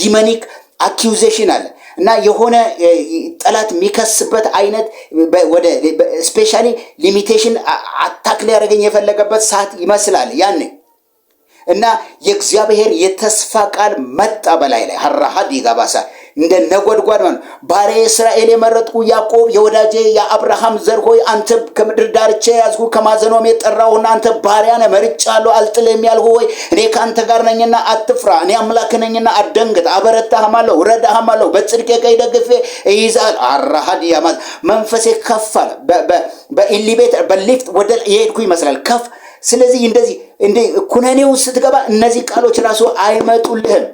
ዲመኒክ አኪውዜሽን አለ እና የሆነ ጠላት የሚከስበት አይነት ወደ ስፔሻሊ ሊሚቴሽን አታክ ሊያደረገኝ የፈለገበት ሰዓት ይመስላል ያን እና የእግዚአብሔር የተስፋ ቃል መጣ በላይ ላይ ሀራሀድ ይገባሳል። እንደ ነጎድጓድ ማለት ባሬ እስራኤል የመረጥኩ ያዕቆብ የወዳጄ የአብርሃም ዘር ሆይ አንተ ከምድር ዳርቻ ያዝኩ ከማዘኖም የጠራሁና አንተ ባሪያ ነህ መርጬሃለሁ አልጥልህም ያልሁ ሆይ እኔ ከአንተ ጋር ነኝና አትፍራ እኔ አምላክ ነኝና አትደንግጥ አበረታህማለሁ እረዳህማለሁ በጽድቅ ቀኝ ደግፌ እይዝሃለሁ አራሃድ ያማል መንፈሴ ከፍ አለ በኢሊቤተር በሊፍት ወደ የሄድኩ ይመስላል ከፍ ስለዚህ እንደዚህ እንደ ኩነኔው ስትገባ እነዚህ ቃሎች ራሱ አይመጡልህም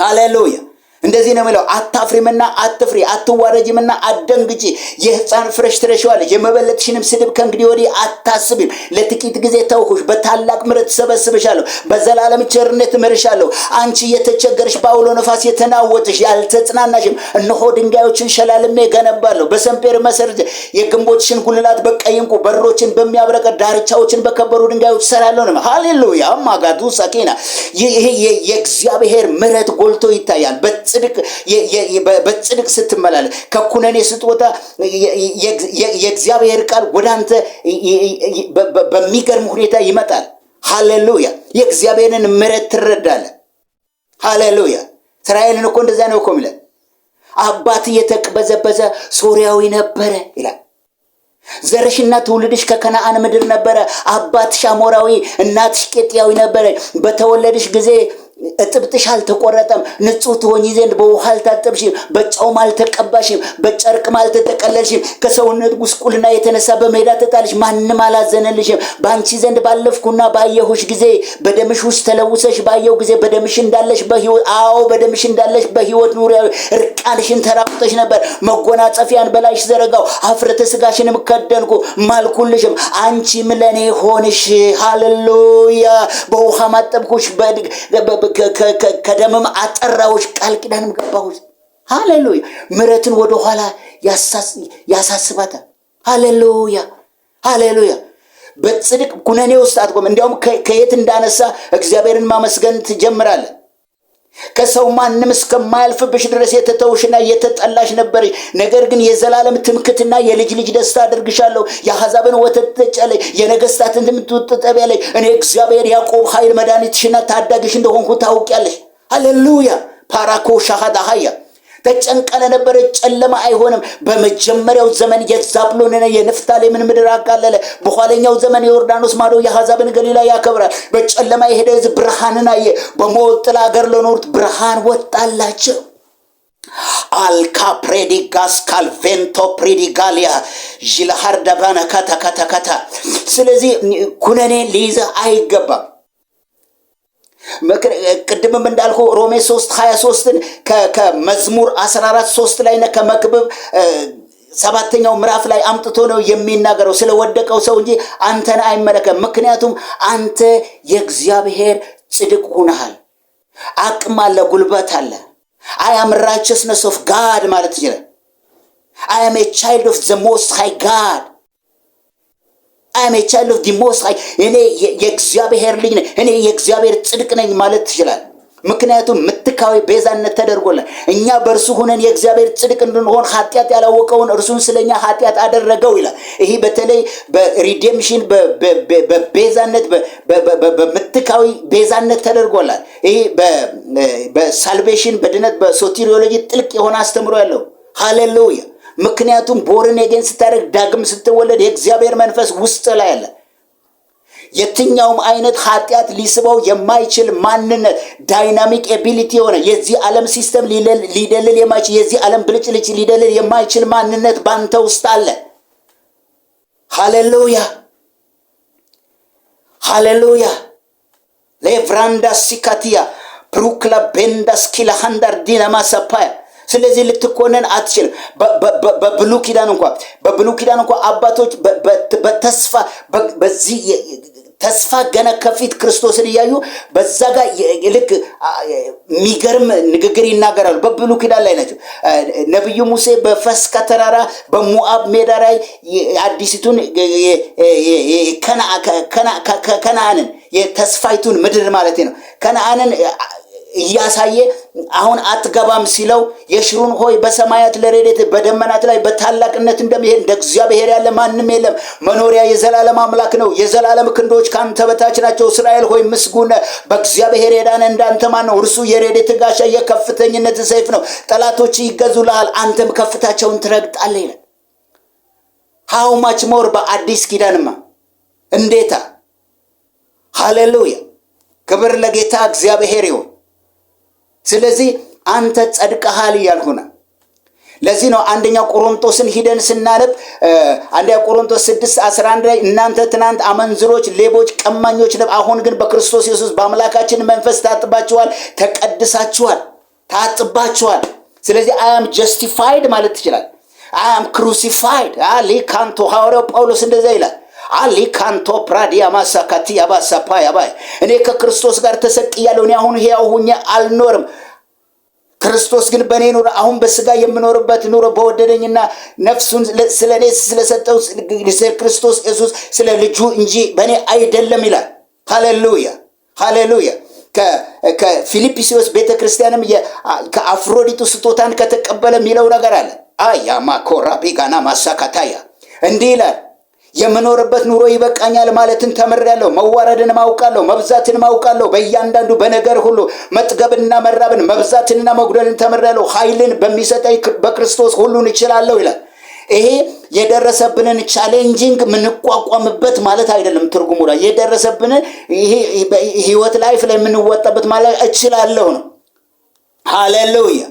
ሃሌሉያ እንደዚህ ነው የሚለው፣ አታፍሪምና አትፍሪ፣ አትዋረጅምና አትደንግጪ። የህፃን ፍረሽ ትረሸዋለች፣ የመበለጥሽንም ስድብ ከእንግዲህ ወዲህ አታስቢም። ለጥቂት ጊዜ ተውኩሽ፣ በታላቅ ምረት ሰበስብሻለሁ፣ በዘላለም ቸርነት እምርሻለሁ። አንቺ የተቸገርሽ በአውሎ ነፋስ የተናወጥሽ ያልተጽናናሽም፣ እነሆ ድንጋዮችን ሸላልሜ ገነባለሁ፣ በሰንፔር መሠረት የግንቦችሽን ጉልላት በቀይ ዕንቁ በሮችን በሚያብረቀ ዳርቻዎችን በከበሩ ድንጋዮች እሰራለሁ ነው። ሃሌሉያ ማጋዱ ሰኪና። ይሄ የእግዚአብሔር ምረት ጎልቶ ይታያል። በጽድቅ ስትመላለ ከኩነኔ ስትወጣ የእግዚአብሔር ቃል ወደ አንተ በሚገርም ሁኔታ ይመጣል። ሃሌሉያ! የእግዚአብሔርን ምሕረት ትረዳለ ሃሌሉያ! እስራኤልን እኮ እንደዛ ነው እኮ የሚለን አባት የተቅበዘበዘ ሶሪያዊ ነበረ ይላል። ዘረሽና ትውልድሽ ከከነአን ምድር ነበረ። አባትሽ አሞራዊ፣ እናትሽ ቄጥያዊ ነበረ። በተወለድሽ ጊዜ እጥብጥሽ አልተቆረጠም፣ ንጹህ ትሆኝ ዘንድ በውሃ አልታጠብሽም፣ በጨውም አልተቀባሽም፣ በጨርቅም አልተጠቀለልሽም። ከሰውነት ጉስቁልና የተነሳ በሜዳ ተጣልሽ፣ ማንም አላዘነልሽም። በአንቺ ዘንድ ባለፍኩና ባየሁሽ ጊዜ በደምሽ ውስጥ ተለውሰሽ ባየሁ ጊዜ በደምሽ እንዳለሽ በሕይወት አዎ በደምሽ እንዳለሽ በህይወት ኑሪያዊ እርቃንሽን ተራቁተሽ ነበር። መጎናጸፊያን በላይሽ ዘረጋው፣ አፍረተ ስጋሽንም ከደንኩ ማልኩልሽም። አንቺም ለእኔ ሆንሽ። ሃሌሉያ በውሃ ማጠብኩሽ ከደምም አጠራዎች ቃል ኪዳንም ገባሁት። ሃሌሉያ! ወደ ወደኋላ ያሳስባታል። ሃሌሉያ! ሃሌሉያ! በጽድቅ ኩነኔ ውስጥ አትቆም። እንዲያውም ከየት እንዳነሳ እግዚአብሔርን ማመስገን ትጀምራለ። ከሰው ማንም እስከማያልፍብሽ ድረስ የተተውሽና የተጠላሽ ነበርሽ። ነገር ግን የዘላለም ትምክትና የልጅ ልጅ ደስታ አድርግሻለሁ። የአሕዛብን ወተት ትጠጫለሽ፣ የነገስታትን ትምት ትጠቢያለሽ። እኔ እግዚአብሔር ያዕቆብ ኃይል መድኃኒትሽና ታዳጊሽ እንደሆንኩ ታውቂያለሽ። ሃሌሉያ ፓራኮ ሻሃዳ ሀያ ተጨንቃ ለነበረ ጨለማ አይሆንም። በመጀመሪያው ዘመን የዛብሎንና የንፍታሌምን ምድር አቃለለ። በኋለኛው ዘመን የዮርዳኖስ ማዶ የአሕዛብን ገሊላ ያከብራል። በጨለማ የሄደ ሕዝብ ብርሃንን አየ። በሞት ጥላ አገር ለኖሩት ብርሃን ወጣላቸው። አልካ ፕሬዲጋስ ካልቬንቶ ፕሬዲጋሊያ ዥልሃር ደባነ ካታ ስለዚህ ኩነኔ ሊይዘህ አይገባም። ቅድምም እንዳልኩ ሮሜ 3 23ን ከመዝሙር 14 3 ላይ እና ከመክብብ ሰባተኛው ምዕራፍ ላይ አምጥቶ ነው የሚናገረው ስለወደቀው ሰው እንጂ አንተን አይመለከም። ምክንያቱም አንተ የእግዚአብሔር ጽድቅ ሁነሃል። አቅም አለ፣ ጉልበት አለ። አያም ራይቸስነስ ኦፍ ጋድ ማለት ይችላል። አያም ቻይልድ ኦፍ ዘ ሞስት ሃይ ጋድ አም ቻይልድ ኦፍ ዲ ሞስት እኔ የእግዚአብሔር ልጅ ነኝ፣ እኔ የእግዚአብሔር ጽድቅ ነኝ ማለት ትችላል። ምክንያቱም ምትካዊ ቤዛነት ተደርጎልን እኛ በእርሱ ሁነን የእግዚአብሔር ጽድቅ እንድንሆን ኃጢአት ያላወቀውን እርሱን ስለኛ ኃጢአት አደረገው ይላል። ይህ በተለይ በሪዴምሽን በቤዛነት በምትካዊ ቤዛነት ተደርጎላል። ይህ በሳልቬሽን በድነት በሶቴሪዮሎጂ ጥልቅ የሆነ አስተምሮ ያለው ሃሌሉያ ምክንያቱም ቦርን ኤጌን ስታደርግ ዳግም ስትወለድ የእግዚአብሔር መንፈስ ውስጥ ላይ አለ። የትኛውም አይነት ኃጢአት ሊስበው የማይችል ማንነት ዳይናሚክ ኤቢሊቲ የሆነ የዚህ ዓለም ሲስተም ሊደልል የማይችል የዚህ ዓለም ብልጭልጭ ሊደልል የማይችል ማንነት ባንተ ውስጥ አለ። ሃሌሉያ ሃሌሉያ ሌቭራንዳ ሲካቲያ ብሩክላ ቤንዳስኪላ ሃንዳር ስለዚህ ልትኮነን አትችልም። በብሉ ኪዳን እንኳ በብሉ ኪዳን እንኳ አባቶች በተስፋ በዚህ ተስፋ ገና ከፊት ክርስቶስን እያዩ በዛ ጋር ልክ የሚገርም ንግግር ይናገራሉ። በብሉ ኪዳን ላይ ናቸው። ነቢዩ ሙሴ በፈስካ ተራራ በሙአብ ሜዳ ላይ አዲሲቱን ከነአንን የተስፋይቱን ምድር ማለት ነው ከነአንን እያሳየ አሁን አትገባም ሲለው የሽሩን ሆይ በሰማያት ለረድኤት በደመናት ላይ በታላቅነት እንደሚሄድ እንደ እግዚአብሔር ያለ ማንም የለም። መኖሪያ የዘላለም አምላክ ነው። የዘላለም ክንዶች ከአንተ በታች ናቸው። እስራኤል ሆይ ምስጉነ በእግዚአብሔር የዳነ እንዳንተ ማን ነው? እርሱ የረድኤት ጋሻ የከፍተኝነት ሰይፍ ነው። ጠላቶች ይገዙልሃል፣ አንተም ከፍታቸውን ትረግጣለህ ይላል። ሃው ማች ሞር በአዲስ ኪዳንማ እንዴታ! ሃሌሉያ! ክብር ለጌታ እግዚአብሔር ይሁን። ስለዚህ አንተ ጸድቀሃል እያልሁና ለዚህ ነው አንደኛ ቆሮንቶስን ሂደን ስናነብ አንደኛ ቆሮንቶስ 6 11 ላይ እናንተ ትናንት አመንዝሮች፣ ሌቦች፣ ቀማኞች አሁን ግን በክርስቶስ ኢየሱስ በአምላካችን መንፈስ ታጥባችኋል፣ ተቀድሳችኋል፣ ታጥባችኋል። ስለዚህ አያም ጀስቲፋይድ ማለት ትችላል። አያም ክሩሲፋይድ ሊካንቶ ሐዋርያው ጳውሎስ እንደዚያ ይላል። አሊካንቶ ፕራዲያ ማሳካቲ ያባሳፓ ያባይ እኔ ከክርስቶስ ጋር ተሰቅያለሁ። እኔ አሁን ሕያው ሁኜ አልኖርም፣ ክርስቶስ ግን በእኔ ኑሮ አሁን በስጋ የምኖርበት ኑሮ በወደደኝና ነፍሱን ስለ እኔ ስለሰጠው ክርስቶስ ኢየሱስ ስለ ልጁ እንጂ በእኔ አይደለም ይላል። ሃሌሉያ ሃሌሉያ። ከፊልጵስዩስ ቤተ ክርስቲያንም ከአፍሮዲቱ ስጦታን ከተቀበለ የሚለው ነገር አለ። አያ ማኮራ ቢጋና ማሳካታያ እንዲህ ይላል የምኖርበት ኑሮ ይበቃኛል ማለትን ተምሬያለሁ። መዋረድን ማውቃለሁ መብዛትን ማውቃለሁ በእያንዳንዱ በነገር ሁሉ መጥገብንና መራብን መብዛትንና መጉደልን ተምሬያለሁ። ኃይልን በሚሰጠኝ በክርስቶስ ሁሉን እችላለሁ ይላል። ይሄ የደረሰብንን ቻሌንጂንግ የምንቋቋምበት ማለት አይደለም። ትርጉሙ ላይ የደረሰብንን ህይወት ላይፍ ላይ የምንወጣበት ማለት እችላለሁ ነው። ሃሌሉያ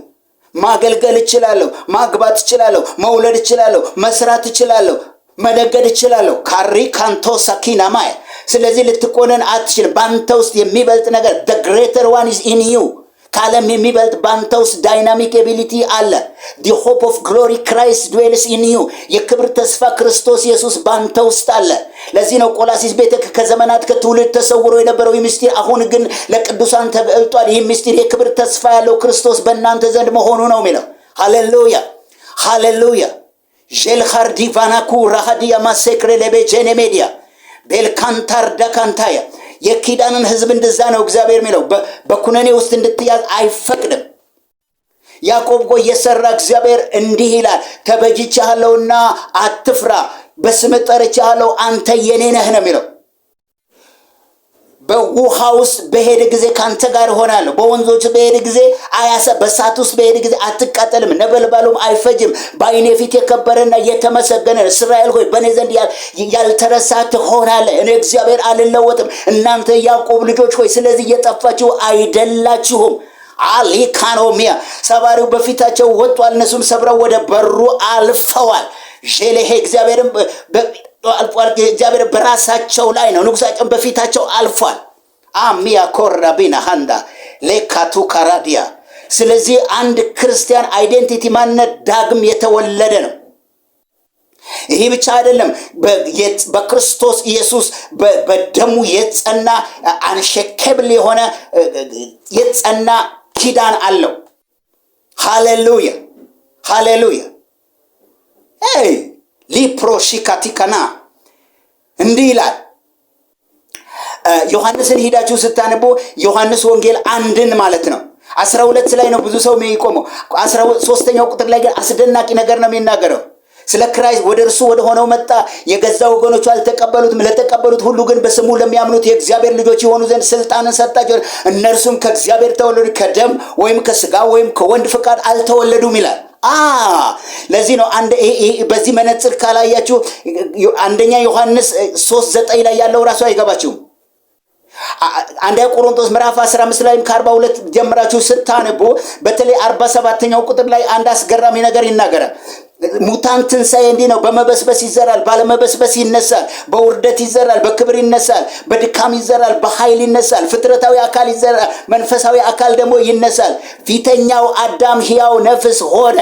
ማገልገል እችላለሁ፣ ማግባት እችላለሁ፣ መውለድ እችላለሁ፣ መስራት እችላለሁ መደገድ እችላለሁ። ካሪ ካንቶ ሳኪና ማይ። ስለዚህ ልትቆነን አትችልም። በአንተ ውስጥ የሚበልጥ ነገር ደ ግሬተር ዋን ኢዝ ኢን ዩ ከዓለም የሚበልጥ ባንተ ውስጥ ዳይናሚክ ኤቢሊቲ አለ። ዲ ሆፕ ኦፍ ግሎሪ ክራይስት ድዌልስ ኢን ዩ የክብር ተስፋ ክርስቶስ ኢየሱስ ባንተ ውስጥ አለ። ለዚህ ነው ቆላሲስ ቤተ ከዘመናት ከትውልድ ተሰውሮ የነበረው ይህ ምስጢር አሁን ግን ለቅዱሳን ተበልጧል። ይህ ምስጢር የክብር ተስፋ ያለው ክርስቶስ በእናንተ ዘንድ መሆኑ ነው የሚለው። ሃሌሉያ ሃሌሉያ። ዤልኻርዲ ቫናኩ ራሃዲያ ማሴክሬ ለቤቼኔ ሜዲያ ቤልካንታር ዳካንታያ የኪዳንን ህዝብ እንደዛ ነው እግዚአብሔር የሚለው በኩነኔ ውስጥ እንድትያዝ አይፈቅድም። ያዕቆብ ጎ እየሰራ እግዚአብሔር እንዲህ ይላል፣ ተበጅቻለሁና አትፍራ፣ በስም ጠርቻለሁ፣ አንተ የኔ ነህ ነው የሚለው በውሃ ውስጥ በሄደ ጊዜ ከአንተ ጋር እሆናለሁ። በወንዞች በሄደ ጊዜ አያሳ በእሳት ውስጥ በሄደ ጊዜ አትቃጠልም፣ ነበልባሉም አይፈጅም። በአይኔ ፊት የከበረና የተመሰገነ እስራኤል ሆይ በእኔ ዘንድ ያልተረሳ ትሆናለህ። እኔ እግዚአብሔር አልለወጥም። እናንተ ያዕቆብ ልጆች ሆይ ስለዚህ እየጠፋችሁ አይደላችሁም። አሊካኖሚያ ሰባሪው በፊታቸው ወጥቷል፣ እነሱም ሰብረው ወደ በሩ አልፈዋል። ሌሄ እግዚአብሔርም አልፏል። እግዚአብሔር በራሳቸው ላይ ነው። ንጉሳቸውን በፊታቸው አልፏል። አሚያ ኮራቢና ሃንዳ ሌካቱ ካራዲያ። ስለዚህ አንድ ክርስቲያን አይዴንቲቲ ማንነት ዳግም የተወለደ ነው። ይህ ብቻ አይደለም። በክርስቶስ ኢየሱስ በደሙ የጸና አንሸከብል የሆነ የጸና ኪዳን አለው። ሃሌሉያ ሃሌሉያ። ሊፕሮሺካቲከና እንዲህ ይላል። ዮሐንስን ሂዳችሁ ስታነቡ ዮሐንስ ወንጌል አንድን ማለት ነው አስራ ሁለት ላይ ነው ብዙ ሰው የሚቆመው። አስራ ሶስተኛው ቁጥር ላይ ግን አስደናቂ ነገር ነው የሚናገረው ስለ ክራይስት ወደ እርሱ ወደ ሆነው መጣ፣ የገዛ ወገኖቹ አልተቀበሉትም። ለተቀበሉት ሁሉ ግን በስሙ ለሚያምኑት የእግዚአብሔር ልጆች የሆኑ ዘንድ ስልጣንን ሰጣቸው። እነርሱም ከእግዚአብሔር ተወለዱ፣ ከደም ወይም ከስጋ ወይም ከወንድ ፍቃድ አልተወለዱም ይላል። አ ለዚህ ነው በዚህ መነጽር ካላያችሁ አንደኛ ዮሐንስ ሶስት ዘጠኝ ላይ ያለው ራሱ አይገባችሁም። አንደኛ ቆሮንቶስ ምዕራፍ 15 ላይም ከ42 ጀምራችሁ ስታነቡ በተለይ 47ኛው ቁጥር ላይ አንድ አስገራሚ ነገር ይናገራል። ሙታን ትንሣኤ እንዲህ ነው። በመበስበስ ይዘራል፣ ባለመበስበስ ይነሳል። በውርደት ይዘራል፣ በክብር ይነሳል። በድካም ይዘራል፣ በኃይል ይነሳል። ፍጥረታዊ አካል ይዘራል፣ መንፈሳዊ አካል ደግሞ ይነሳል። ፊተኛው አዳም ሕያው ነፍስ ሆነ።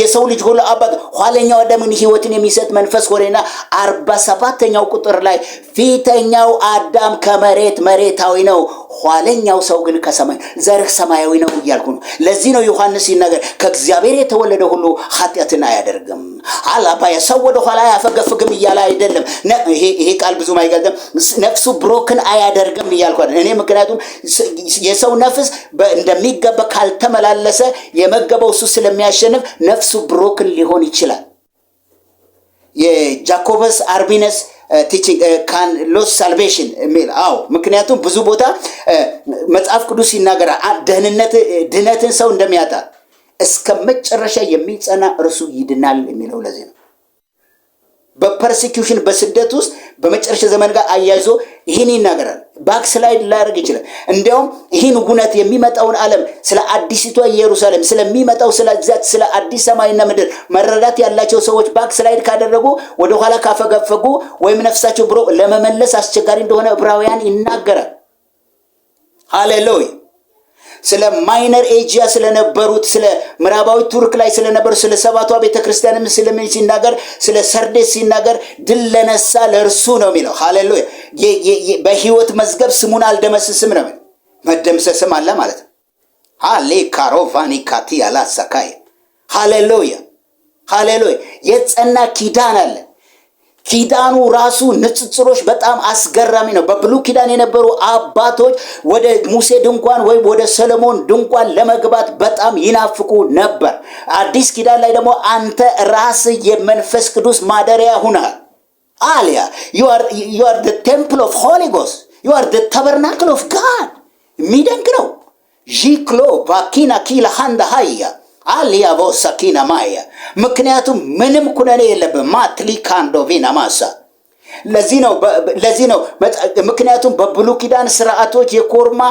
የሰው ልጅ ሁሉ አባት ኋለኛው አዳምን ህይወትን የሚሰጥ መንፈስ ሆነና አርባ ሰባተኛው ቁጥር ላይ ፊተኛው አዳም ከመሬት መሬታዊ ነው ኋለኛው ሰው ግን ከሰማይ ዘርህ ሰማያዊ ነው እያልኩ ነው። ለዚህ ነው ዮሐንስ ይነገር ከእግዚአብሔር የተወለደ ሁሉ ኃጢአትን አያደርግም አላባ ሰው ወደ ኋላ አያፈገፍግም እያለ አይደለም። ይሄ ቃል ብዙ አይገልጥም። ነፍሱ ብሮክን አያደርግም እያልኩ እኔ ምክንያቱም የሰው ነፍስ እንደሚገባ ካልተመላለሰ የመገበው እሱ ስለሚያሸንፍ ነፍሱ ብሮክን ሊሆን ይችላል። የጃኮበስ አርቢነስ ካን ሎስ ሳልቬሽን የሚል አዎ። ምክንያቱም ብዙ ቦታ uh, መጽሐፍ ቅዱስ ይናገራል ደህንነት uh, ድህነትን ሰው እንደሚያጣ እስከ መጨረሻ የሚጸና እርሱ ይድናል የሚለው ለዚህ ነው። በፐርሲኪውሽን በስደት ውስጥ በመጨረሻ ዘመን ጋር አያይዞ ይህን ይናገራል። ባክስላይድ ላደርግ ይችላል። እንዲያውም ይህን ጉነት የሚመጣውን ዓለም ስለ አዲሲቷ ኢየሩሳሌም ስለሚመጣው ስለዛት ስለ አዲስ ሰማይና ምድር መረዳት ያላቸው ሰዎች ባክስላይድ ካደረጉ ወደኋላ ካፈገፈጉ ወይም ነፍሳቸው ብሮ ለመመለስ አስቸጋሪ እንደሆነ ዕብራውያን ይናገራል። ሃሌሉያ ስለ ማይነር ኤጂያ ስለነበሩት ስለ ምዕራባዊ ቱርክ ላይ ስለነበሩ ስለ ሰባቷ ቤተክርስቲያንም ስለምን ሲናገር ስለ ሰርዴስ ሲናገር ድል ለነሳ ለእርሱ ነው የሚለው። ሃሌሉያ። በህይወት መዝገብ ስሙን አልደመስስም ነው። መደምሰስም አለ ማለት ነው። ሃሌ ካሮቫኒ ካቲ ያላሳካይ ሃሌሉያ፣ ሃሌሉያ። የጸና ኪዳን አለ። ኪዳኑ ራሱ ንጽጽሮች በጣም አስገራሚ ነው። በብሉ ኪዳን የነበሩ አባቶች ወደ ሙሴ ድንኳን ወይም ወደ ሰለሞን ድንኳን ለመግባት በጣም ይናፍቁ ነበር። አዲስ ኪዳን ላይ ደግሞ አንተ ራስ የመንፈስ ቅዱስ ማደሪያ ሁናል አሊያ ዩ አር ቴምፕል ኦፍ ሆሊ ጎስ ዩ አር ተበርናክል ኦፍ ጋድ። የሚደንቅ ነው። ዢክሎ ባኪና ኪላ ሃንዳ ሃያ አሊ አቦ ሰኪና ማያ ምክንያቱም ምንም ኩነኔ የለብም። ማትሊ ካንዶቪና ማሳ ለዚህ ነው ለዚህ ነው ምክንያቱም በብሉ ኪዳን ስርዓቶች የኮርማ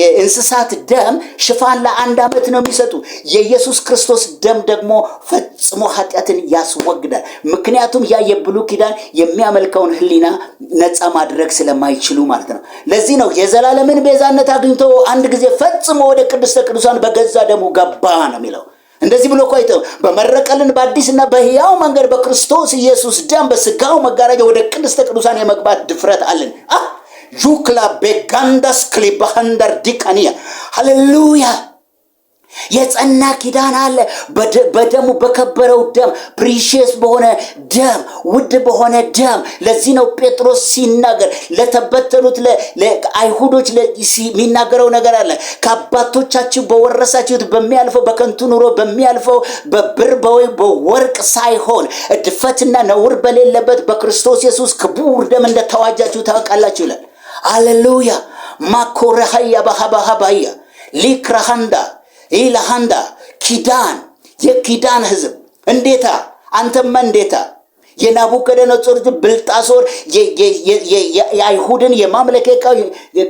የእንስሳት ደም ሽፋን ለአንድ ዓመት ነው የሚሰጡ። የኢየሱስ ክርስቶስ ደም ደግሞ ፈጽሞ ኃጢአትን ያስወግዳል። ምክንያቱም ያ የብሉ ኪዳን የሚያመልከውን ህሊና ነፃ ማድረግ ስለማይችሉ ማለት ነው። ለዚህ ነው የዘላለምን ቤዛነት አግኝቶ አንድ ጊዜ ፈጽሞ ወደ ቅድስተ ቅዱሳን በገዛ ደሙ ገባ ነው የሚለው። እንደዚህ ብሎ እኮ በመረቀልን በአዲስና በህያው መንገድ በክርስቶስ ኢየሱስ ደም በስጋው መጋረጃ ወደ ቅድስተ ቅዱሳን የመግባት ድፍረት አለን። ዩክላ ቤጋንዳስ ክሊባሃንዳር ዲቃንያ ሃሌሉያ የጸና ኪዳን አለ። በደሙ በከበረው ደም ፕሪሽስ በሆነ ደም ውድ በሆነ ደም። ለዚህ ነው ጴጥሮስ ሲናገር ለተበተኑት አይሁዶች የሚናገረው ነገር አለ። ከአባቶቻችሁ በወረሳችሁት በሚያልፈው በከንቱ ኑሮ በሚያልፈው በብር በወይ በወርቅ ሳይሆን እድፈትና ነውር በሌለበት በክርስቶስ ኢየሱስ ክቡር ደም እንደተዋጃችሁ ታውቃላችሁ ይላል። አሌሉያ ማኮረሃያ ባሃባሃባያ ሊክራሃንዳ ለሃንዳ ኪዳን የኪዳን ህዝብ እንዴታ አንተማ እንዴታ የናቡከደነጾር ብልጣሶር የአይሁድን የማምለክ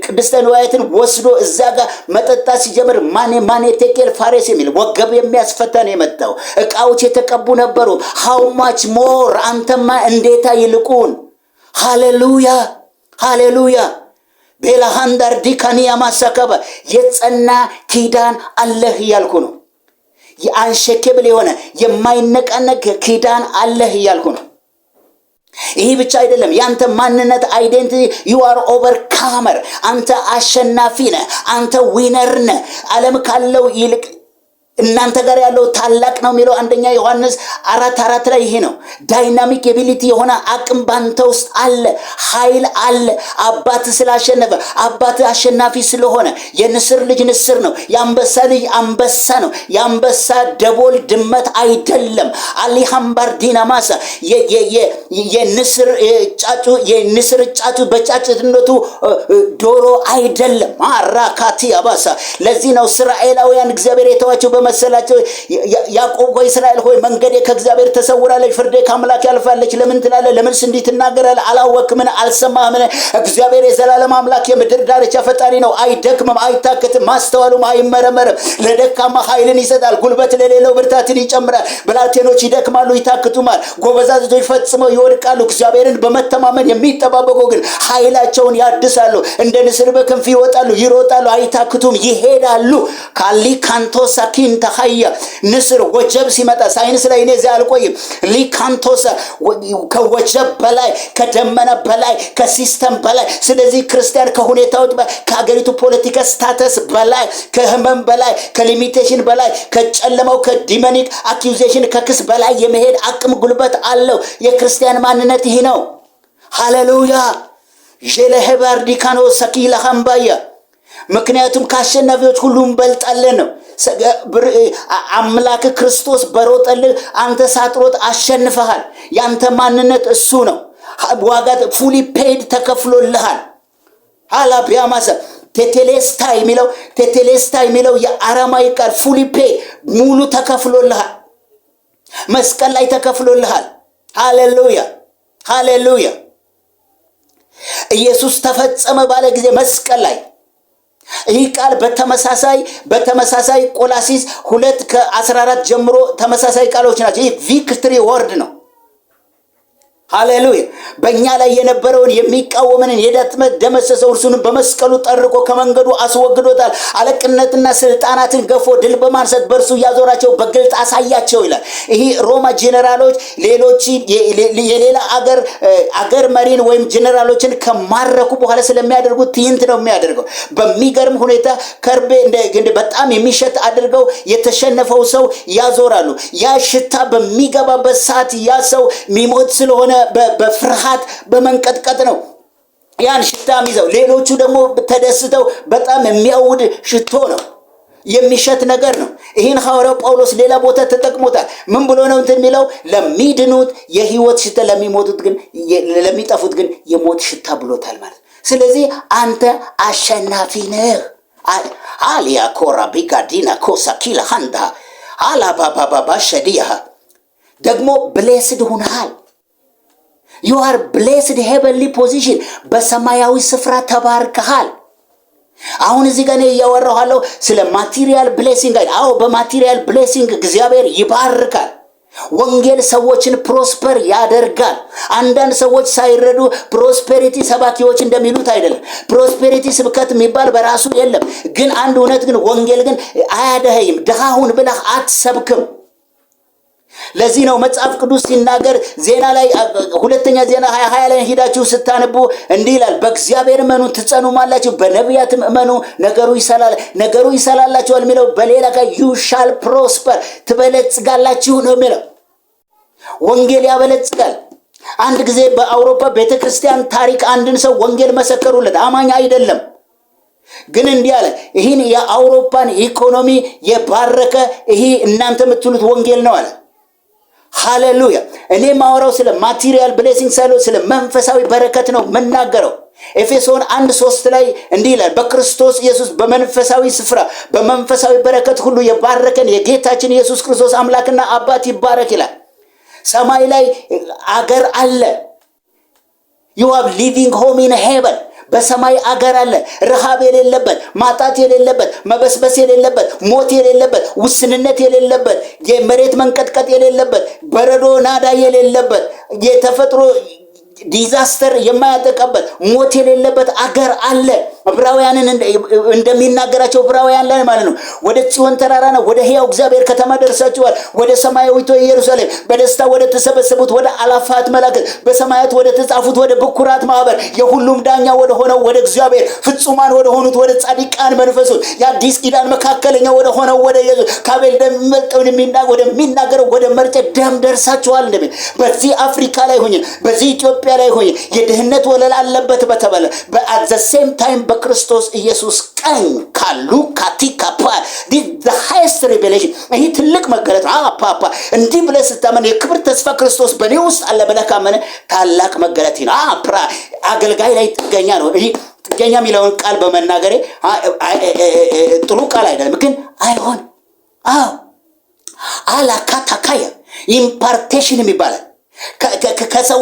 ቅድስተ ንዋያትን ወስዶ እዛ ጋር መጠጣት ሲጀምር ማኔ ማኔ ቴኬል ፋሬስ የሚል ወገብ የሚያስፈታን የመጣው። እቃዎች የተቀቡ ነበሩ። ሃውማች ሞር አንተማ እንዴታ ይልቁን። ሃሌሉያ ሃሌሉያ። ቤላሃንዳርዲ ዲካኒ ማሳካባ የጸና ኪዳን አለህ እያልኩ ነው። የአንሸኬብል የሆነ የማይነቀነግ ኪዳን አለህ እያልኩ ነው። ይህ ብቻ አይደለም። የአንተ ማንነት አይዴንቲቲ ዩአር ኦቨር ካመር አንተ አሸናፊ ነህ፣ አንተ ዊነር ነህ። ዓለም ካለው ይልቅ እናንተ ጋር ያለው ታላቅ ነው የሚለው አንደኛ ዮሐንስ አራት አራት ላይ ይሄ ነው። ዳይናሚክ ኤቢሊቲ የሆነ አቅም ባንተ ውስጥ አለ፣ ኃይል አለ። አባት ስላሸነፈ አባት አሸናፊ ስለሆነ የንስር ልጅ ንስር ነው፣ የአንበሳ ልጅ አንበሳ ነው። የአንበሳ ደቦል ድመት አይደለም። አሊሃምባር ዲናማሳ የንስር ጫጩ በጫጭትነቱ በጫጭነቱ ዶሮ አይደለም። አራካቲ አባሳ ለዚህ ነው እስራኤላውያን እግዚአብሔር የተዋቸው መሰላቸው? ያዕቆብ ሆይ እስራኤል ሆይ መንገዴ ከእግዚአብሔር ተሰውራለች፣ ፍርዴ ከአምላክ ያልፋለች ለምን ትላለህ? ለምንስ እንዲህ ትናገራለህ? አላወቅምን? አልሰማህምን? እግዚአብሔር የዘላለም አምላክ የምድር ዳርቻ ፈጣሪ ነው። አይደክምም፣ አይታክትም፣ ማስተዋሉም አይመረመርም። ለደካማ ኃይልን ይሰጣል፣ ጉልበት ለሌለው ብርታትን ይጨምራል። ብላቴኖች ይደክማሉ፣ ይታክቱማል፣ ጎበዛዝቶች ፈጽመው ይወድቃሉ። እግዚአብሔርን በመተማመን የሚጠባበቁ ግን ኃይላቸውን ያድሳሉ፣ እንደ ንስር በክንፍ ይወጣሉ፣ ይሮጣሉ፣ አይታክቱም፣ ይሄዳሉ ካሊ ካንቶ ሳኪን እንተኸየ ንስር ወጀብ ሲመጣ ሳይንስ ላይ እኔ እዚያ አልቆይም። ሊካንቶሰ ከወጀብ በላይ ከደመነ በላይ ከሲስተም በላይ ስለዚህ ክርስቲያን ከሁኔታዎች ከሀገሪቱ ፖለቲካ ስታተስ በላይ ከህመም በላይ ከሊሚቴሽን በላይ ከጨለመው ከዲመኒክ አኪዜሽን ከክስ በላይ የመሄድ አቅም ጉልበት አለው። የክርስቲያን ማንነት ይህ ነው። ሃሌሉያ ሸለሄባርዲካኖ ዲካኖ ሰኪ ለኸምባያ ምክንያቱም ከአሸናፊዎች ሁሉ እንበልጣለን ነው። አምላክ ክርስቶስ በሮጠልህ አንተ ሳትሮጥ አሸንፈሃል። ያንተ ማንነት እሱ ነው። ዋጋ ፉሊ ፔድ ተከፍሎልሃል። ሀላቢያ ማሰ ቴቴሌስታ የሚለው ቴቴሌስታ የሚለው የአረማዊ ቃል ፉሊ ፔይድ ሙሉ ተከፍሎልሃል። መስቀል ላይ ተከፍሎልሃል። ሃሌሉያ ሃሌሉያ። ኢየሱስ ተፈጸመ ባለ ጊዜ መስቀል ላይ ይህ ቃል በተመሳሳይ በተመሳሳይ ቆላሲስ ሁለት ከ14 ጀምሮ ተመሳሳይ ቃሎች ናቸው። ይህ ቪክትሪ ወርድ ነው። ሃሌሉያ በእኛ ላይ የነበረውን የሚቃወመንን የዳትመት ደመሰሰው። እርሱንም በመስቀሉ ጠርቆ ከመንገዱ አስወግዶታል። አለቅነትና ስልጣናትን ገፎ ድል በማንሳት በእርሱ እያዞራቸው በግልጥ አሳያቸው ይላል። ይህ ሮማ ጄኔራሎች ሌሎች የሌላ አገር አገር መሪን ወይም ጄኔራሎችን ከማረኩ በኋላ ስለሚያደርጉት ትዕይንት ነው የሚያደርገው። በሚገርም ሁኔታ ከርቤ በጣም የሚሸት አድርገው የተሸነፈው ሰው ያዞራሉ። ያ ሽታ በሚገባበት ሰዓት ያ ሰው ሚሞት ስለሆነ በፍርሃት በመንቀጥቀጥ ነው ያን ሽታም ይዘው፣ ሌሎቹ ደግሞ ተደስተው በጣም የሚያውድ ሽቶ ነው የሚሸት ነገር ነው። ይህን ሐዋርያው ጳውሎስ ሌላ ቦታ ተጠቅሞታል። ምን ብሎ ነው እንትን የሚለው ለሚድኑት የህይወት ሽታ ለሚሞቱት ግን ለሚጠፉት ግን የሞት ሽታ ብሎታል ማለት። ስለዚህ አንተ አሸናፊ ነህ። አሊያ ኮራ ቢጋዲና ኮሳ ኪላ ሀንዳ አላባባባባ ደግሞ ብሌስድ ሁነሃል። ዩ አር ብሌስድ ሄቨንሊ ፖዚሽን በሰማያዊ ስፍራ ተባርከሃል። አሁን እዚህ ጋር እያወራኋለሁ ስለ ማቴሪያል ብሌሲንግ። አዎ በማቴሪያል ብሌሲንግ እግዚአብሔር ይባርካል። ወንጌል ሰዎችን ፕሮስፐር ያደርጋል። አንዳንድ ሰዎች ሳይረዱ ፕሮስፔሪቲ ሰባኪዎች እንደሚሉት አይደለም። ፕሮስፔሪቲ ስብከት የሚባል በራሱ የለም። ግን አንድ እውነት ግን ወንጌል ግን አያደኸይም። ድሃ ሁን ብለህ አትሰብክም። ለዚህ ነው መጽሐፍ ቅዱስ ሲናገር ዜና ላይ ሁለተኛ ዜና ሀያ ሀያ ላይ ሄዳችሁ ስታነቡ እንዲህ ይላል፣ በእግዚአብሔር እመኑ ትጸኑማላችሁ፣ በነቢያትም እመኑ ነገሩ ይሰላል ነገሩ ይሰላላችኋል የሚለው በሌላ ጋር ዩ ሻል ፕሮስፐር ትበለጽጋላችሁ ነው የሚለው። ወንጌል ያበለጽጋል። አንድ ጊዜ በአውሮፓ ቤተክርስቲያን ታሪክ አንድን ሰው ወንጌል መሰከሩለት፣ አማኝ አይደለም ግን እንዲህ አለ፣ ይህን የአውሮፓን ኢኮኖሚ የባረከ ይሄ እናንተ የምትሉት ወንጌል ነው አለ። ሃሌሉያ። እኔ ማወራው ስለ ማቴሪያል ብሌሲንግ ሳይሆን ስለ መንፈሳዊ በረከት ነው የምናገረው። ኤፌሶን አንድ ሶስት ላይ እንዲህ ይላል፣ በክርስቶስ ኢየሱስ በመንፈሳዊ ስፍራ በመንፈሳዊ በረከት ሁሉ የባረከን የጌታችን ኢየሱስ ክርስቶስ አምላክና አባት ይባረክ ይላል። ሰማይ ላይ አገር አለ። ዩ ሃቭ ሊቪንግ ሆም ኢን ሄቨን በሰማይ አገር አለ። ረሃብ የሌለበት፣ ማጣት የሌለበት፣ መበስበስ የሌለበት፣ ሞት የሌለበት፣ ውስንነት የሌለበት፣ የመሬት መንቀጥቀጥ የሌለበት፣ በረዶ ናዳ የሌለበት የተፈጥሮ ዲዛስተር የማያጠቀበት፣ ሞት የሌለበት አገር አለ። ዕብራውያንን እንደሚናገራቸው ዕብራውያን ላይ ማለት ነው። ወደ ጽዮን ተራራ ነው፣ ወደ ሕያው እግዚአብሔር ከተማ ደርሳችኋል፣ ወደ ሰማያዊቷ ኢየሩሳሌም በደስታ ወደ ተሰበሰቡት ወደ አላፋት መላእክት በሰማያት ወደ ተጻፉት ወደ ብኩራት ማህበር የሁሉም ዳኛ ወደ ሆነው ወደ እግዚአብሔር ፍጹማን ወደ ሆኑት ወደ ጻድቃን መንፈሶች የአዲስ ኪዳን መካከለኛ ወደ ሆነው ወደ ኢየሱስ ካቤል እንደሚመልጠው ወደሚናገረው ወደ መርጨ ደም ደርሳችኋል እንደሚል በዚህ አፍሪካ ላይ ሆኝ በዚህ ኢትዮጵያ ላይ ሆኝ የድህነት ወለል አለበት በተባለ በአዘሴም ዘ ሴም ታይም በክርስቶስ ኢየሱስ ቀን ካሉ ካቲካ ሃይስት ሪቬሌሽን ይህ ትልቅ መገለጥ ነው። አፓፓ እንዲህ ብለህ ስታመን የክብር ተስፋ ክርስቶስ በእኔ ውስጥ አለ ብለህ ካመነ ታላቅ መገለጥ ነው። አፕራ አገልጋይ ላይ ጥገኛ ነው። ይህ ጥገኛ የሚለውን ቃል በመናገሬ ጥሩ ቃል አይደለም፣ ግን አይሆን አላካታካያ ኢምፓርቴሽን የሚባላል ከሰው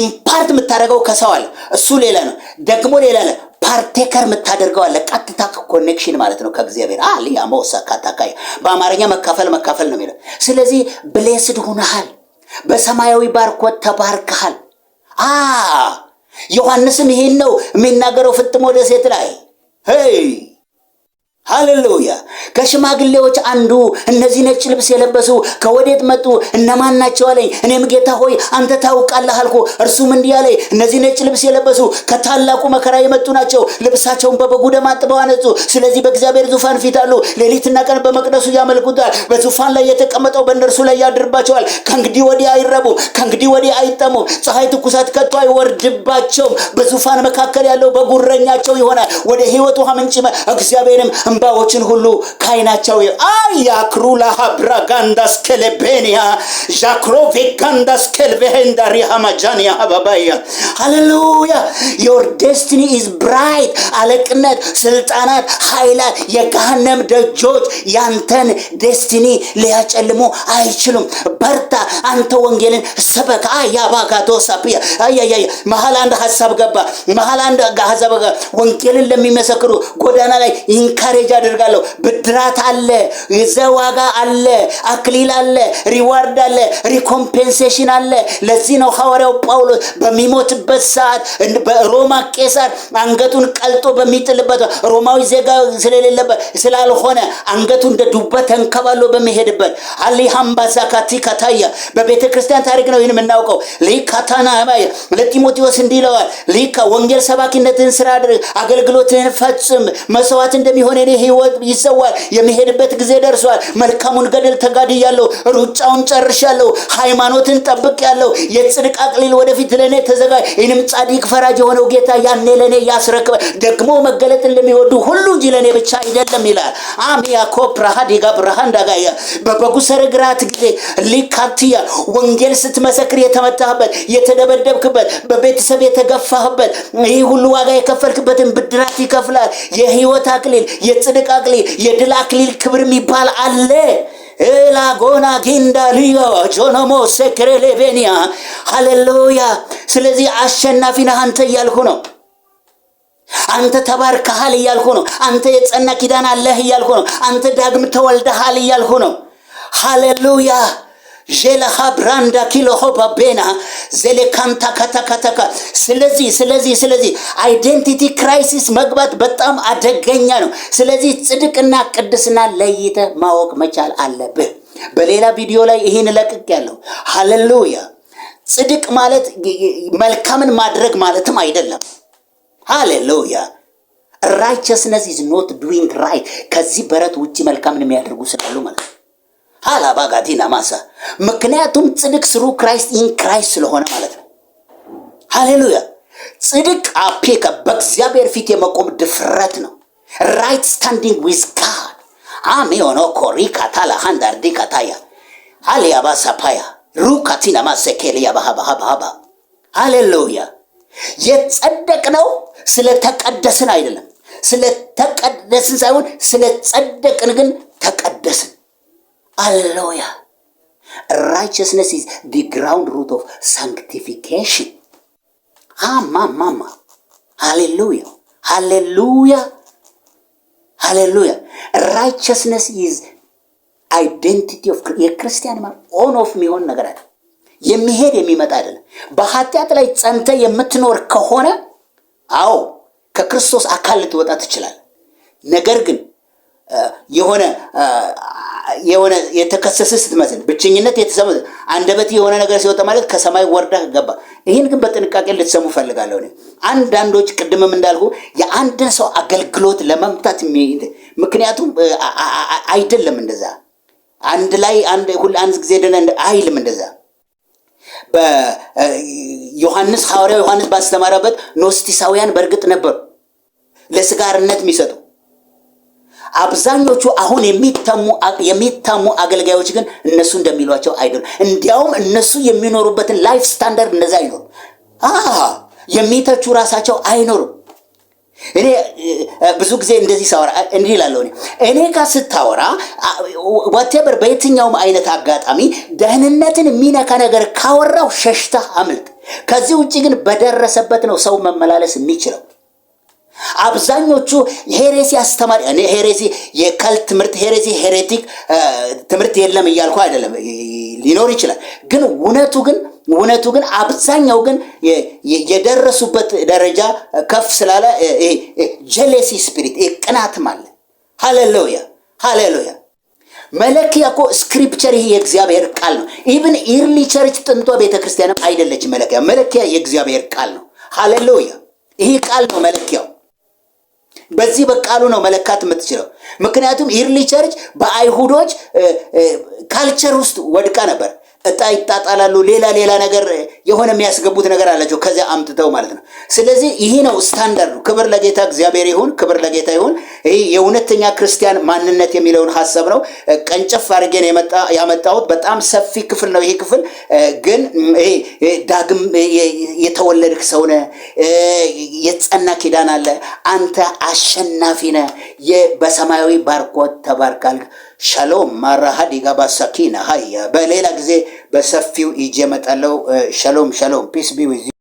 ኢምፓርት የምታደርገው ከሰው አለ። እሱ ሌላ ነው፣ ደግሞ ሌላ ነው ፓርቴከር የምታደርገው አለ። ቀጥታ ኮኔክሽን ማለት ነው ከእግዚአብሔር አልያ መወሳ ካታካይ በአማርኛ መካፈል መካፈል ነው የሚለው። ስለዚህ ብሌስድ ሁነሃል፣ በሰማያዊ ባርኮት ተባርከሃል። አ ዮሐንስም ይሄን ነው የሚናገረው ፍጥሞ ደሴት ላይ ሄይ ሃሌሉያ! ከሽማግሌዎች አንዱ እነዚህ ነጭ ልብስ የለበሱ ከወዴት መጡ? እነማን ናቸው አለኝ። እኔም ጌታ ሆይ አንተ ታውቃለህ አልኩ። እርሱም እንዲህ አለኝ፣ እነዚህ ነጭ ልብስ የለበሱ ከታላቁ መከራ የመጡ ናቸው። ልብሳቸውን በበጉ ደም አጥበው አነጹ። ስለዚህ በእግዚአብሔር ዙፋን ፊት አሉ። ሌሊትና ቀን በመቅደሱ ያመልኩታል። በዙፋን ላይ የተቀመጠው በእነርሱ ላይ ያድርባቸዋል። ከእንግዲህ ወዲህ አይረቡም፣ ከእንግዲህ ወዲህ አይጠሙም። ፀሐይ ትኩሳት ከቶ አይወርድባቸውም። በዙፋን መካከል ያለው በጉረኛቸው ይሆናል። ወደ ህይወት ውሃ ምንጭ እግዚአብሔርም እንባዎችን ሁሉ ከአይናቸው አይ ያክሩላሃ ብራጋንዳስ ከለቤንያ ዣክሮ ቬጋንዳስ ከልቬሄንዳሪሃ ማጃንያ ሀባባያ ሃሌሉያ ዮር ዴስቲኒ ኢዝ ብራይት አለቅነት ስልጣናት ኃይላት የገሃነም ደጆች ያንተን ዴስቲኒ ሊያጨልሙ አይችሉም በርታ አንተ ወንጌልን ሰበክ አያባጋዶሳፕያ አያያ መሀል አንድ ሀሳብ ገባ መሀል አንድ ሀሳብ ወንጌልን ለሚመሰክሩ ጎዳና ላይ ይንካሬ ሜኔጅ አድርጋለሁ። ብድራት አለ፣ ዘዋጋ አለ፣ አክሊል አለ፣ ሪዋርድ አለ፣ ሪኮምፔንሴሽን አለ። ለዚህ ነው ሐዋርያው ጳውሎስ በሚሞትበት ሰዓት በሮማ ቄሳር አንገቱን ቀልጦ በሚጥልበት ሮማዊ ዜጋ ስለሌለበት ስላልሆነ አንገቱ እንደ ዱባ ተንከባሎ በሚሄድበት አሊ ሀምባሳካቲ ካታያ በቤተ ክርስቲያን ታሪክ ነው ይህን የምናውቀው። ሊካታና ማየ ለጢሞቴዎስ እንዲለዋል ሊካ ወንጌል ሰባኪነትን ስራ አድርግ፣ አገልግሎትን ፈጽም፣ መስዋዕት እንደሚሆን ህይወት ይሰዋል። የሚሄድበት ጊዜ ደርሷል። መልካሙን ገደል ተጋድያለሁ፣ ሩጫውን ጨርሻለሁ፣ ሃይማኖትን ጠብቄያለሁ። የጽድቅ አክሊል ወደፊት ለእኔ ተዘጋጅ። ይህንም ጻድቅ ፈራጅ የሆነው ጌታ ያኔ ለእኔ ያስረክበ ደግሞ መገለጥ እንደሚወዱ ሁሉ እንጂ ለእኔ ብቻ አይደለም ይላል። አሚያኮ ፕራሃዲጋ ብርሃን ዳጋያ በበጉ ሰርግራት ጊዜ ሊካትያ ወንጌል ስትመሰክር የተመታህበት የተደበደብክበት በቤተሰብ የተገፋህበት ይህ ሁሉ ዋጋ የከፈልክበትን ብድራት ይከፍላል። የህይወት አክሊል የጽድቅ አክሊል፣ የድል አክሊል ክብር የሚባል አለ። ኤላጎና ጊንዳ ልዮ ጆኖሞ ሴክሬ ሌቤንያ ሃሌሉያ። ስለዚህ አሸናፊ ነህ አንተ እያልኩ ነው። አንተ ተባርከሃል እያልኩ ነው። አንተ የጸና ኪዳን አለህ እያልኩ ነው። አንተ ዳግም ተወልደሃል እያልኩ ነው። ሃሌሉያ ዤለሃ ብራንዳ ኪሎሆባ ቤና ዘሌካንታ ከተከተከ ስለዚህ ስለዚህ ስለዚህ አይዴንቲቲ ክራይሲስ መግባት በጣም አደገኛ ነው። ስለዚህ ጽድቅና ቅድስና ለይተ ማወቅ መቻል አለብህ። በሌላ ቪዲዮ ላይ ይህን ለቅቅ ያለው ሃሌሉያ። ጽድቅ ማለት መልካምን ማድረግ ማለትም አይደለም። ሃሌሉያ ራይቸስነስ ኢዝ ኖት ዱዊንግ ራይት። ከዚህ በረት ውጭ መልካምን የሚያደርጉ ስላሉ ማለት ነው። ሃላባጋቲና ማሳ ምክንያቱም ጽድቅ ስሩ ክራይስት ኢን ክራይስት ስለሆነ ማለት ነው። ሃሌሉያ ጽድቅ አፔከ በእግዚአብሔር ፊት የመቆም ድፍረት ነው። ራይት ስታንዲንግ ዊዝ ጋድ አሜ ሆኖ ኮሪካታላ ሃንዳርዲ ካታያ አሊያባሳፓያ ሩካቲና ማሰኬልያ ባሃባሃባሃባ ሃሌሉያ የጸደቅ ነው ስለ ተቀደስን አይደለም። ስለ ተቀደስን ሳይሆን ስለ ጸደቅን ግን ተቀደስን Hallelujah. Righteousness is the ground root of sanctification. Ama mama. Hallelujah. Hallelujah. Hallelujah. Righteousness is አይደንቲቲ ኦፍ የክርስቲያን ኦን ኦፍ የሚሆን ነገር አለ። የሚሄድ የሚመጣ አይደለም። በኃጢአት ላይ ጸንተ የምትኖር ከሆነ አዎ ከክርስቶስ አካል ልትወጣ ትችላል። ነገር ግን የሆነ የሆነ የተከሰሰ ስትመስል ብቸኝነት የተሰማ አንደበት የሆነ ነገር ሲወጣ ማለት ከሰማይ ወርዳ ገባ። ይህን ግን በጥንቃቄ ልትሰሙ ፈልጋለሁ። አንዳንዶች ቅድምም እንዳልኩ የአንድን ሰው አገልግሎት ለመምታት ምክንያቱም አይደለም እንደዛ አንድ ላይ አንድ ጊዜ እንደ አይልም እንደዛ በዮሐንስ ሐዋርያው ዮሐንስ ባስተማረበት ኖስቲሳውያን በእርግጥ ነበሩ ለስጋርነት የሚሰጡ አብዛኞቹ አሁን የሚታሙ አገልጋዮች ግን እነሱ እንደሚሏቸው አይደሉም። እንዲያውም እነሱ የሚኖሩበትን ላይፍ ስታንዳርድ እነዚ አይኖሩ የሚተቹ ራሳቸው አይኖሩም። እኔ ብዙ ጊዜ እንደዚህ ሳወራ እንዲህ እላለሁ። እኔ ጋር ስታወራ ዋቴበር፣ በየትኛውም አይነት አጋጣሚ ደህንነትን የሚነካ ነገር ካወራው ሸሽታ አምልጥ። ከዚህ ውጭ ግን በደረሰበት ነው ሰው መመላለስ የሚችለው። አብዛኞቹ ሄሬሲ አስተማሪ እኔ ሄሬሲ የከልት ትምህርት ሄሬሲ ሄሬቲክ ትምህርት የለም እያልኩ አይደለም፣ ሊኖር ይችላል። ግን እውነቱ ግን እውነቱ ግን አብዛኛው ግን የደረሱበት ደረጃ ከፍ ስላለ ጀሌሲ ስፒሪት ቅናትም አለ። ሃሌሉያ ሃሌሉያ። መለኪያ እኮ ስክሪፕቸር ይሄ የእግዚአብሔር ቃል ነው። ኢቭን ኢርሊ ቸርች ጥንቷ ቤተክርስቲያንም አይደለች መለኪያ። መለኪያ የእግዚአብሔር ቃል ነው። ሃሌሉያ ይሄ ቃል ነው መለኪያው። በዚህ በቃሉ ነው መለካት የምትችለው። ምክንያቱም ኢርሊ ቸርች በአይሁዶች ካልቸር ውስጥ ወድቃ ነበር። እጣ ይጣጣላሉ። ሌላ ሌላ ነገር የሆነ የሚያስገቡት ነገር አላቸው ከዚያ አምጥተው ማለት ነው። ስለዚህ ይህ ነው ስታንዳርዱ። ክብር ለጌታ እግዚአብሔር ይሁን፣ ክብር ለጌታ ይሁን። ይህ የእውነተኛ ክርስቲያን ማንነት የሚለውን ሀሳብ ነው ቀንጨፍ አድርጌን ያመጣሁት። በጣም ሰፊ ክፍል ነው ይሄ ክፍል ግን ዳግም የተወለድክ ሰው የጸና ኪዳን አለ፣ አንተ አሸናፊ ነ በሰማያዊ ባርኮት ተባርካል። ሻሎም ማራሃድ ይጋባ ሰኪና ሀያ በሌላ ጊዜ በሰፊው ይጀመጣለው። ሻሎም ሻሎም ፒስ ቢ ዊዝ